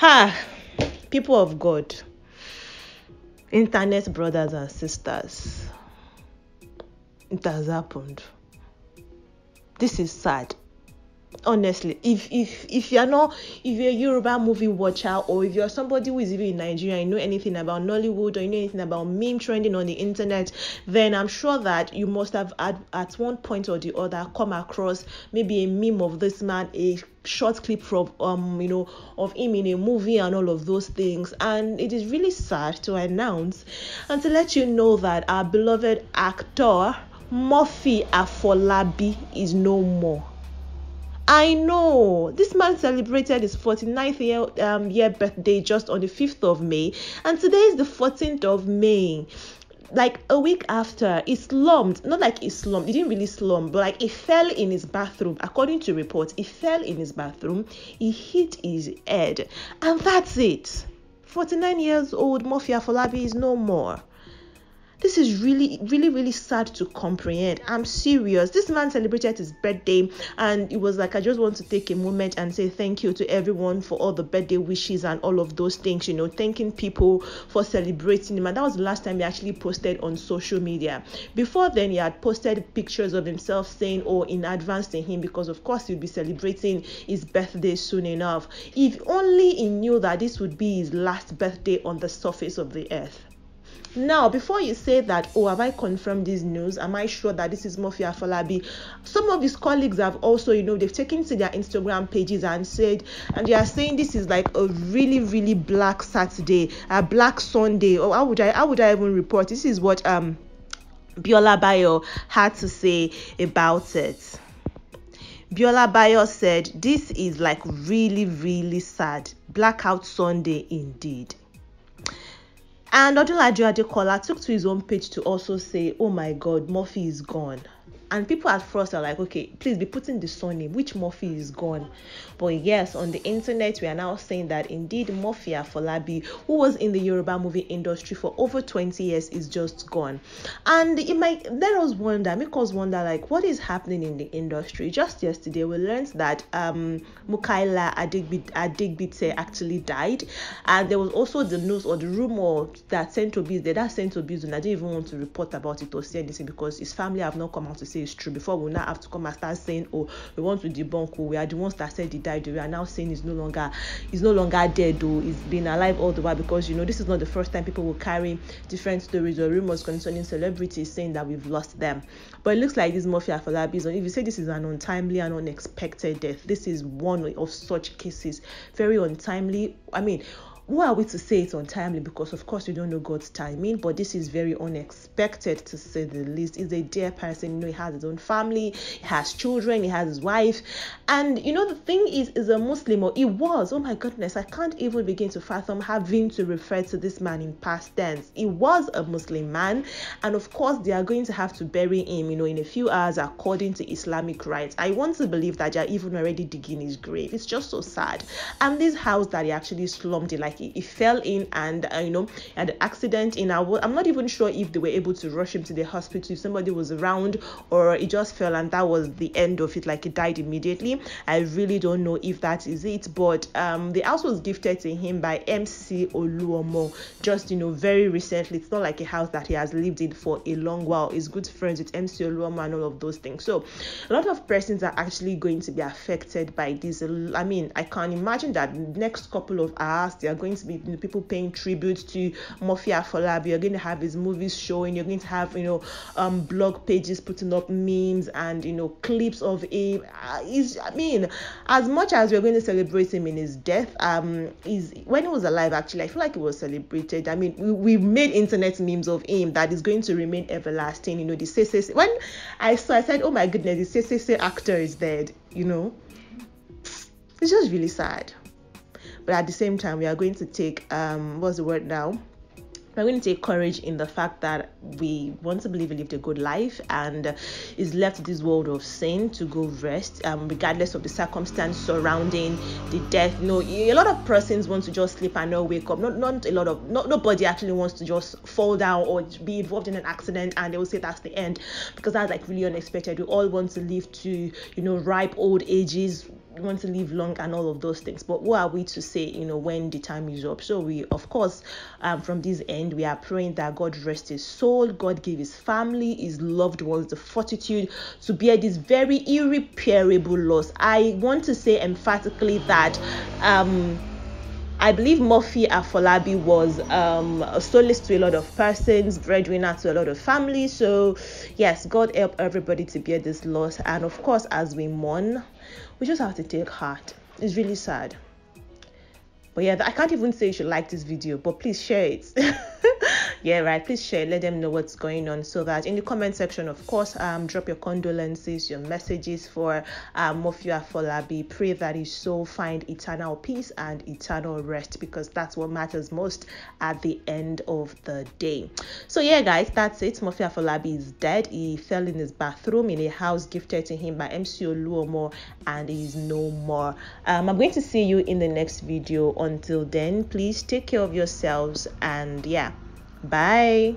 Ha! People of God, internet brothers and sisters, it has happened. This is sad honestly if if if you're not if you're a yoruba movie watcher or if you're somebody who is even in nigeria and you know anything about nollywood or you know anything about meme trending on the internet then i'm sure that you must have at, at one point or the other come across maybe a meme of this man a short clip from um you know of him in a movie and all of those things and it is really sad to announce and to let you know that our beloved actor Murphy Afolabi is no more I know this man celebrated his 49th year, um, year birthday just on the 5th of May, and today is the 14th of May like a week after he slumped not like he slumped he didn't really slump but like he fell in his bathroom according to reports he fell in his bathroom he hit his head and that's it 49 years old mafia falabi is no more this is really, really, really sad to comprehend. I'm serious. This man celebrated his birthday, and it was like, I just want to take a moment and say thank you to everyone for all the birthday wishes and all of those things, you know, thanking people for celebrating him. And that was the last time he actually posted on social media. Before then, he had posted pictures of himself saying, Oh, in advance to him, because of course he would be celebrating his birthday soon enough. If only he knew that this would be his last birthday on the surface of the earth. Now, before you say that, oh, have I confirmed this news? Am I sure that this is Mafia Falabi? Some of his colleagues have also, you know, they've taken to their Instagram pages and said, and they are saying this is like a really, really black Saturday, a black Sunday. Or oh, how would I, how would I even report? This is what um, Biola Bayo had to say about it. Biola Bayo said, This is like really, really sad. Blackout Sunday indeed. And Odulaju Adekola took to his own page to also say, Oh my God, Murphy is gone and people at first are like okay please be putting the surname which murphy is gone but yes on the internet we are now saying that indeed murphy afolabi who was in the yoruba movie industry for over 20 years is just gone and it might let us wonder make us wonder like what is happening in the industry just yesterday we learned that um mukaila adigbite actually died and there was also the news or the rumor that sento that sento i don't even want to report about it or say anything because his family have not come out to say say is true before we now have to come and start saying oh we want to debunk oh we are the ones that said he died oh, we are now saying he's no longer he's no longer dead though he's been alive all the while because you know this is not the first time people will carry different stories or rumors concerning celebrities saying that we've lost them but it looks like this mafia for that reason if you say this is an untimely and unexpected death this is one of such cases very untimely i mean who are we to say it's untimely? Because of course you don't know God's timing, but this is very unexpected to say the least. Is a dear person, you know, he has his own family, he has children, he has his wife, and you know the thing is, is a Muslim or he was. Oh my goodness, I can't even begin to fathom having to refer to this man in past tense. He was a Muslim man, and of course they are going to have to bury him, you know, in a few hours according to Islamic rites. I want to believe that they are even already digging his grave. It's just so sad, and this house that he actually slumped in, like he, he fell in and uh, you know had an accident in our i'm not even sure if they were able to rush him to the hospital if somebody was around or he just fell and that was the end of it like he died immediately i really don't know if that is it but um the house was gifted to him by mc oluomo just you know very recently it's not like a house that he has lived in for a long while he's good friends with mc oluomo and all of those things so a lot of persons are actually going to be affected by this i mean i can imagine that next couple of hours they are going to be you know, people paying tribute to Mafia Falab. You're going to have his movies showing. You're going to have you know um, blog pages putting up memes and you know clips of him. Uh, he's, I mean, as much as we're going to celebrate him in his death, um, is when he was alive actually, I feel like he was celebrated. I mean, we, have made internet memes of him that is going to remain everlasting. You know, the say say when I saw, I said, oh my goodness, the say say actor is dead. You know, it's just really sad but at the same time we are going to take um what's the word now we're going to take courage in the fact that we want to believe we lived a good life and is left this world of sin to go rest, um, regardless of the circumstance surrounding the death. You no, know, a lot of persons want to just sleep and not wake up. Not, not a lot of not nobody actually wants to just fall down or be involved in an accident and they will say that's the end because that's like really unexpected. We all want to live to you know ripe old ages want to live long and all of those things but what are we to say you know when the time is up so we of course um, from this end we are praying that god rest his soul god give his family his loved ones the fortitude to bear this very irreparable loss i want to say emphatically that um I believe Murphy Afolabi was um, solace to a lot of persons, breadwinner to a lot of families. So, yes, God help everybody to bear this loss. And of course, as we mourn, we just have to take heart. It's really sad. But yeah, I can't even say you should like this video, but please share it. yeah right please share let them know what's going on so that in the comment section of course um drop your condolences your messages for um mofia folabi pray that his soul find eternal peace and eternal rest because that's what matters most at the end of the day so yeah guys that's it mofia folabi is dead he fell in his bathroom in a house gifted to him by MCO luomo and he's no more um i'm going to see you in the next video until then please take care of yourselves and yeah Bye.